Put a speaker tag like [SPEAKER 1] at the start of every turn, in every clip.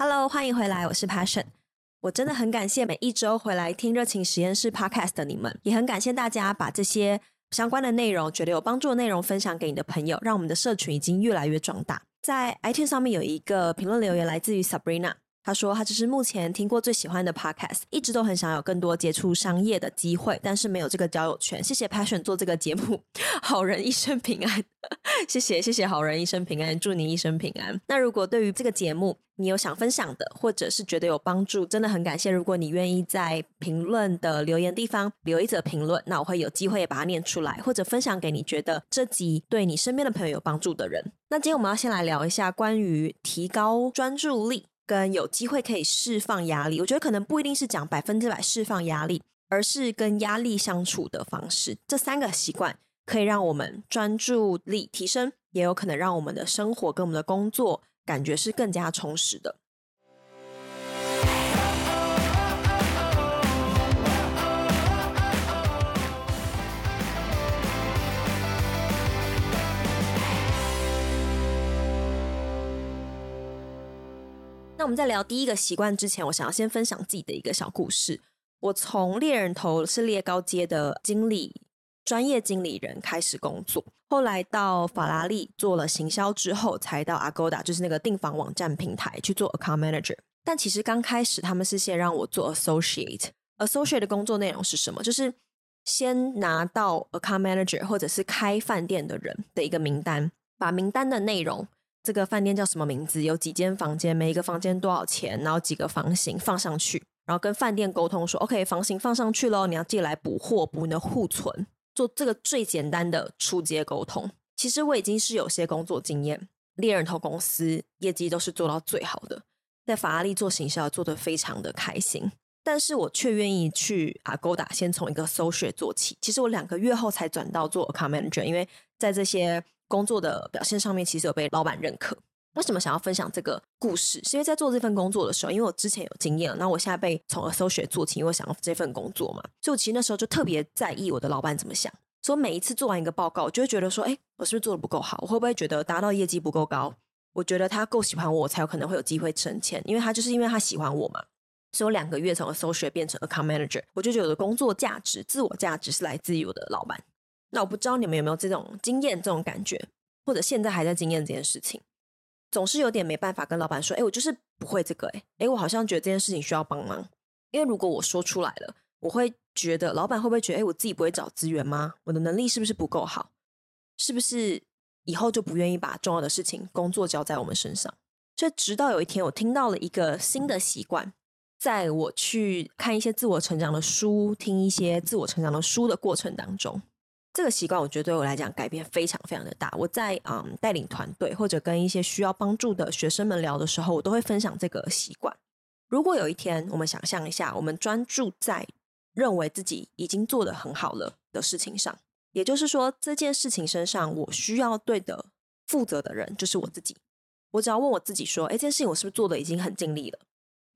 [SPEAKER 1] Hello，歡迎回來，我是 Passion。我真的很感謝每一周回來聽熱情實驗室 Podcast 的你們，也很感謝大家把這些相關的內容覺得有幫助的內容分享給你的朋友，讓我們的社群已經越來越壯大。在 iTunes 上面有一個評論留言，來自於 Sabrina。他說：“他只是目前聽過最喜歡的 podcast，一直都很想有更多接觸商業的機會，但是沒有這個交友圈。謝謝 Passion 做這個節目，好人一生平安。 謝謝，謝謝好人一生平安，祝你一生平安。那如果對於這個節目你有想分享的，或者是覺得有幫助，真的很感謝。如果你願意在評論的留言地方留一則評論，那我會有機會把它念出來，或者分享給你覺得這集對你身邊的朋友有幫助的人。那今天我們要先來聊一下關於提高專注力。”跟有機會可以釋放壓力，我覺得可能不一定是講百分之百釋放壓力，而是跟壓力相處的方式。這三個習慣可以讓我們專注力提升，也有可能讓我們的生活跟我們的工作感覺是更加充實的。那我們在聊第一個習慣之前，我想要先分享自己的一個小故事。我從獵人頭是獵高階的經理，專業經理人開始工作，後來到法拉利做了行銷之後，才到 Agoda，就是那個訂房網站平台去做 Account Manager。但其實剛開始他們是先讓我做 Associate，Associate 的工作內容是什麼？就是先拿到 Account Manager 或者是開飯店的人的一個名單，把名單的內容。這個飯店叫什麼名字？有幾間房間？每一個房間多少錢？然後幾個房型放上去？然後跟飯店溝通說：“OK，房型放上去咯，你要進來補貨，補你的庫存。”做這個最簡單的出街溝通。其實我已經是有些工作經驗，獵人頭公司業績都是做到最好的，在法拉利做行銷做得非常的開心，但是我卻願意去 Agoda，先從一個 social 做起。其實我兩個月後才轉到做 account manager 因為在這些工作的表現上面其實有被老板認可。為什麼想要分享這個故事？是因為在做這份工作的時候，因為我之前有經驗了，那我現在被從 Associate 做起，因為我想要這份工作嘛。所以，我其實那時候就特別在意我的老板怎麼想。所以，我每一次做完一個報告，我就會覺得說：“哎，我是不是做的不夠好？我會不會覺得達到業績不夠高？我覺得他夠喜歡我，才有可能會有機會升遷。因為他就是因為他喜歡我嘛。”所以，我兩個月從 Associate 變成 Account Manager，我就覺得我的工作價值、自我價值是來自於我的老板。那我不知道你們有沒有這種經驗、這種感覺，或者現在還在經驗這件事情，總是有點沒辦法跟老板說，哎、欸，我就是不會這個、欸，哎、欸，誒我好像覺得這件事情需要幫忙，因為如果我說出來了，我會覺得老板會不會覺得，哎、欸，我自己不會找資源嗎？我的能力是不是不夠好？是不是以後就不願意把重要的事情、工作交在我們身上？所以，直到有一天，我聽到了一個新的習慣，在我去看一些自我成長的書、聽一些自我成長的書的過程當中。這個習慣，我覺得對我來講改變非常非常的大。我在嗯、um, 帶領團隊或者跟一些需要幫助的學生們聊的時候，我都會分享這個習慣。如果有一天，我們想象一下，我們專注在認為自己已經做得很好了的事情上，也就是說，這件事情身上我需要對的負責的人就是我自己。我只要問我自己說，誒，這件事情我是不是做得已經很盡力了？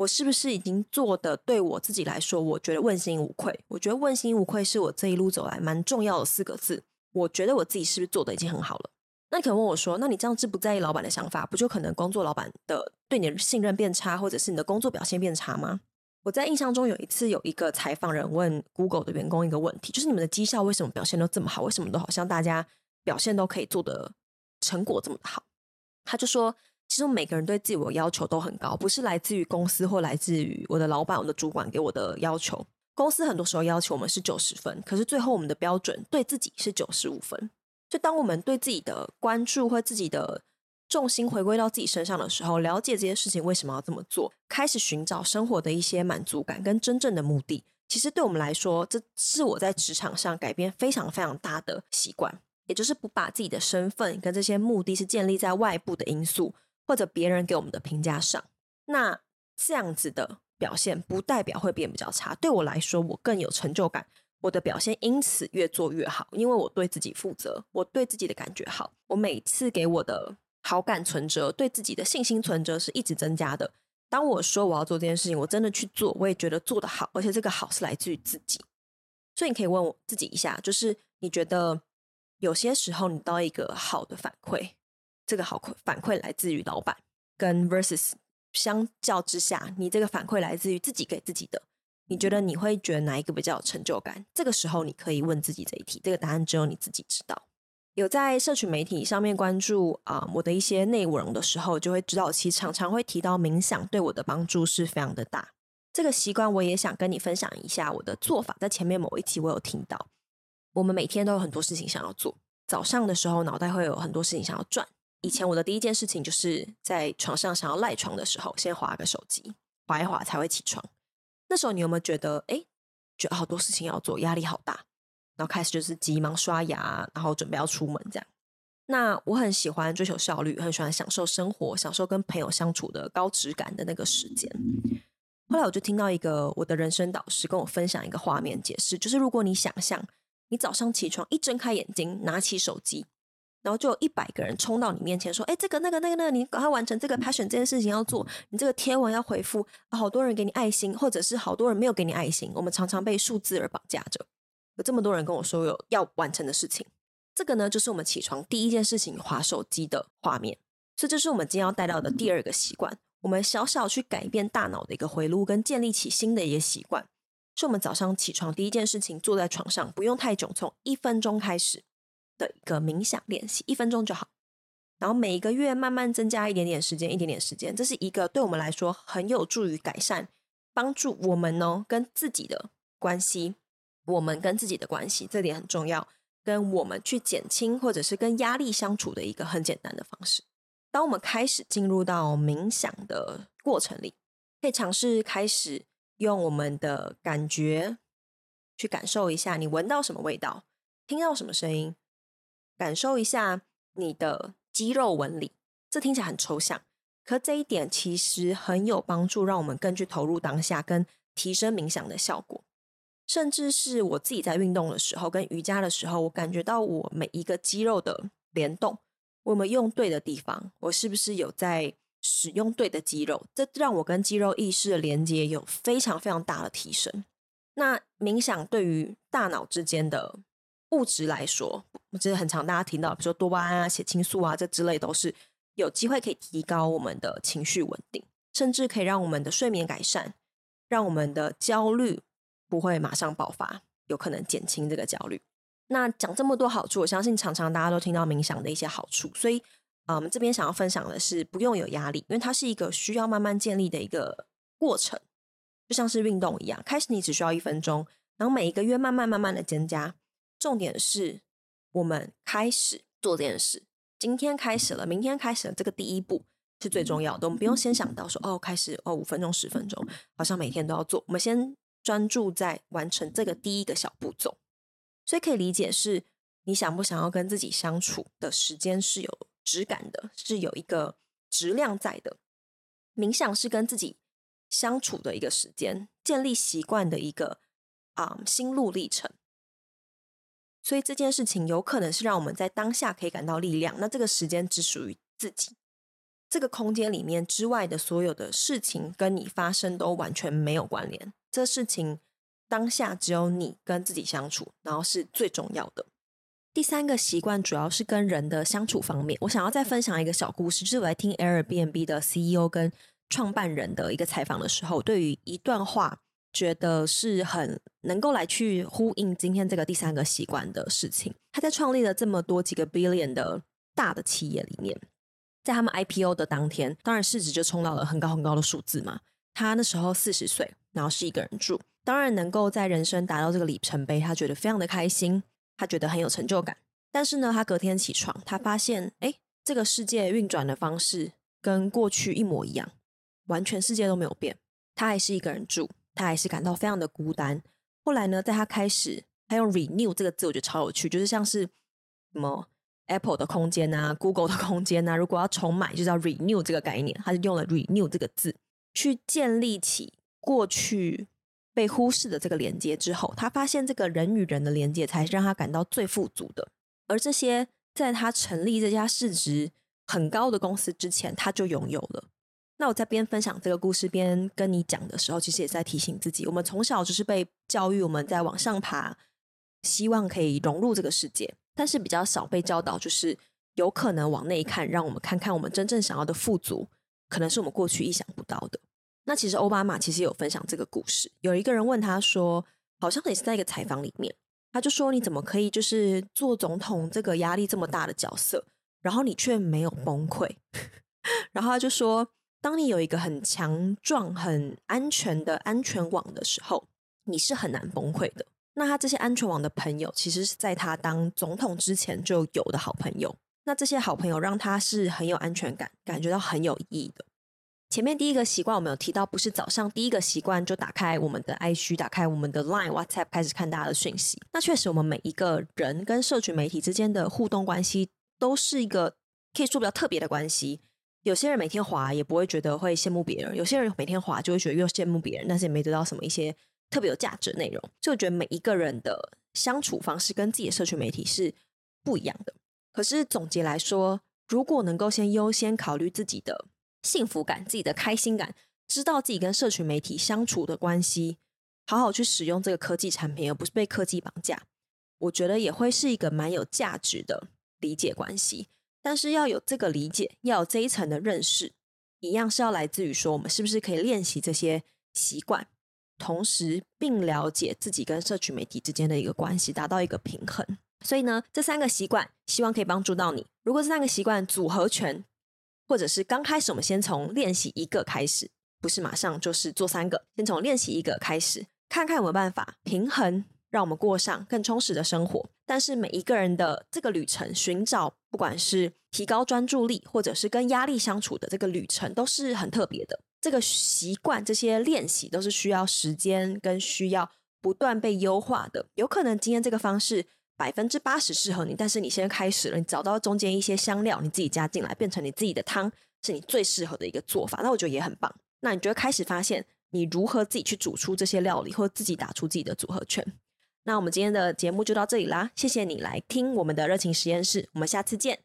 [SPEAKER 1] 我是不是已經做的，對我自己來說，我覺得問心無愧。我覺得問心無愧是我這一路走來蠻重要的四個字。我覺得我自己是不是做的已經很好了？那你可能問我說，那你這樣子不在意老闆的想法，不就可能工作老闆的對你的信任變差，或者是你的工作表現變差嗎？我在印象中有一次有一個採訪人問 Google 的員工一個問題，就是你們的績效為什麼表現都這麼好？為什麼都好像大家表現都可以做的成果這麼好？他就說。其實每個人對自己的要求都很高，不是來自於公司或來自於我的老闆、我的主管給我的要求。公司很多時候要求我們是九十分，可是最後我們的標準對自己是九十五分。就當我們對自己的關注或自己的重心回歸到自己身上的時候，了解這些事情為什麼要這麼做，開始尋找生活的一些滿足感跟真正的目的。其實對我們來說，這是我在職場上改變非常非常大的習慣，也就是不把自己的身份跟這些目的是建立在外部的因素。或者別人給我們的評價上，那這樣子的表現不代表會變比較差。對我來說，我更有成就感，我的表現因此越做越好，因為我對自己負責，我對自己的感覺好，我每次給我的好感存折、對自己的信心存折是一直增加的。當我說我要做這件事情，我真的去做，我也覺得做得好，而且這個好是來自於自己。所以你可以問我自己一下，就是你覺得有些時候你到一個好的反饋。這個好反饋來自於老板，跟 versus 相較之下，你這個反饋來自於自己給自己的，你覺得你會覺得哪一個比較有成就感？這個時候你可以問自己這一題，這個答案只有你自己知道。有在社群媒體上面關注啊、呃、我的一些內容的時候，就會知道其實常常會提到冥想對我的幫助是非常的大。這個習慣我也想跟你分享一下我的做法，在前面某一期我有聽到，我們每天都有很多事情想要做，早上的時候腦袋會有很多事情想要轉。以前我的第一件事情就是在床上想要賴床的時候，先滑個手機，滑一滑才會起床。那時候你有沒有覺得，誒，覺得好多事情要做，壓力好大？然後開始就是急忙刷牙，然後準備要出門這樣。那我很喜歡追求效率，很喜歡享受生活，享受跟朋友相處的高質感的那個時間。後來我就聽到一個我的人生導師跟我分享一個畫面解釋，就是如果你想象你早上起床一睜開眼睛，拿起手機。然後就有一百個人衝到你面前說：“哎，這個、那個、那個、那個，你趕快完成這個 Passion，這件事情要做。你這個貼文要回復、啊，好多人給你愛心，或者是好多人沒有給你愛心。我們常常被數字而綁架着。有這麼多人跟我說有要完成的事情，這個呢就是我們起床第一件事情滑手機的畫面。所以，這是我們今天要帶到的第二個習慣。我們小小去改變大腦的一個回路，跟建立起新的一個習慣，是我們早上起床第一件事情，坐在床上不用太久，從一分鐘開始。”的一個冥想練習，一分鐘就好。然後每一個月慢慢增加一點點時間，一點點時間，這是一個對我們來說很有助於改善、幫助我們呢、哦、跟自己的關係，我們跟自己的關係這點很重要，跟我們去減輕或者是跟壓力相處的一個很簡單的方式。當我們開始進入到冥想的過程裡，可以嘗試開始用我們的感覺去感受一下，你聞到什麼味道，聽到什麼聲音。感受一下你的肌肉紋理，這聽起來很抽象，可這一點其實很有幫助，讓我們更去投入當下，跟提升冥想的效果。甚至是我自己在運動的時候，跟瑜伽的時候，我感覺到我每一個肌肉的聯動，我們用對的地方，我是不是有在使用對的肌肉？這讓我跟肌肉意識的連接有非常非常大的提升。那冥想對於大腦之間的。物質來說，我覺得很常大家聽到，比如說多巴胺啊、血清素啊這之類，都是有機會可以提高我們的情緒穩定，甚至可以讓我們的睡眠改善，讓我們的焦慮不會馬上爆發，有可能減輕這個焦慮。那講這麼多好處，我相信常常大家都聽到冥想的一些好處，所以啊，我們這邊想要分享的是不用有壓力，因為它是一個需要慢慢建立的一個過程，就像是運動一樣，開始你只需要一分鐘，然後每一個月慢慢慢慢的增加。重點是，我們開始做這件事。今天開始了，明天開始了，這個第一步是最重要的。我們不用先想到說哦，開始哦，五分鐘、十分鐘，好像每天都要做。我們先專注在完成這個第一個小步驟。所以可以理解是，你想不想要跟自己相處的時間是有質感的，是有一個質量在的。冥想是跟自己相處的一個時間，建立習慣的一個啊心路歷程。所以這件事情有可能是讓我們在當下可以感到力量，那這個時間只屬於自己，這個空間裡面之外的所有的事情跟你發生都完全沒有關聯。這事情當下只有你跟自己相處，然後是最重要的。第三個習慣主要是跟人的相處方面，我想要再分享一個小故事，就是我在聽 Airbnb 的 CEO 跟創辦人的一個採訪的時候，對於一段話，覺得是很能夠來去呼應今天這個第三個習慣的事情。他在創立了這麼多幾個 billion 的大的企業裡面，在他們 IPO 的當天，當然市值就衝到了很高很高的數字嘛。他那時候四十歲，然後是一個人住，當然能夠在人生達到這個里程碑，他覺得非常的開心，他覺得很有成就感。但是呢，他隔天起床，他發現，哎，這個世界運轉的方式跟過去一模一樣，完全世界都沒有變，他還是一個人住。他還是感到非常的孤單。後來呢，在他開始，他用 renew 這個字，我覺得超有趣，就是像是什麼 Apple 的空間啊，Google 的空間啊，如果要重買，就叫 renew 這個概念。他就用了 renew 這個字，去建立起過去被忽視的這個連接之後，他發現這個人與人的連接，才是讓他感到最富足的。而這些，在他成立這家市值很高的公司之前，他就擁有了。那我在邊分享這個故事邊跟你講的時候，其實也在提醒自己，我們從小就是被教育我們在往上爬，希望可以融入這個世界，但是比較少被教導，就是有可能往內看，讓我們看看我們真正想要的富足，可能是我們過去意想不到的。那其實奧巴馬其實有分享這個故事，有一個人問他說，好像也是在一個採訪裡面，他就說你怎麼可以就是做總統這個壓力這麼大的角色，然後你卻沒有崩潰？ 然後他就說。當你有一個很強壯、很安全的安全網的時候，你是很難崩潰的。那他這些安全網的朋友，其實是在他當總統之前就有的好朋友。那這些好朋友讓他是很有安全感，感覺到很有意義的。前面第一個習慣我們有提到，不是早上第一個習慣就打開我們的 IG，打開我們的 Line、WhatsApp 開始看大家的訊息。那確實，我們每一個人跟社群媒體之間的互動關係，都是一個可以說比較特別的關係。有些人每天滑也不會覺得會羨慕別人，有些人每天滑就會覺得又羨慕別人，但是也沒得到什麼一些特別有價值的內容。就覺得每一個人的相處方式跟自己的社群媒體是不一樣的。可是總結來說，如果能夠先優先考慮自己的幸福感、自己的開心感，知道自己跟社群媒體相處的關係，好好去使用這個科技產品，而不是被科技綁架，我覺得也會是一個蠻有價值的理解關係。但是要有這個理解，要有這一層的認識，一樣是要來自於說我們是不是可以練習這些習慣，同時並了解自己跟社群媒體之間的一個關係，達到一個平衡。所以呢，這三個習慣希望可以幫助到你。如果這三個習慣組合拳，或者是剛開始我們先從練習一個開始，不是馬上就是做三個，先從練習一個開始，看看有沒有辦法平衡，讓我們過上更充實的生活。但是每一個人的這個旅程，尋找不管是提高專注力，或者是跟壓力相處的這個旅程，都是很特別的。這個習慣，這些練習都是需要時間跟需要不斷被優化的。有可能今天這個方式百分之八十適合你，但是你先開始了，你找到中間一些香料，你自己加進來，變成你自己的湯，是你最適合的一個做法。那我覺得也很棒。那你就會開始發現你如何自己去煮出這些料理，或者自己打出自己的組合拳。那我們今天的節目就到這裡啦，謝謝你來聽我們的熱情實驗室，我們下次見。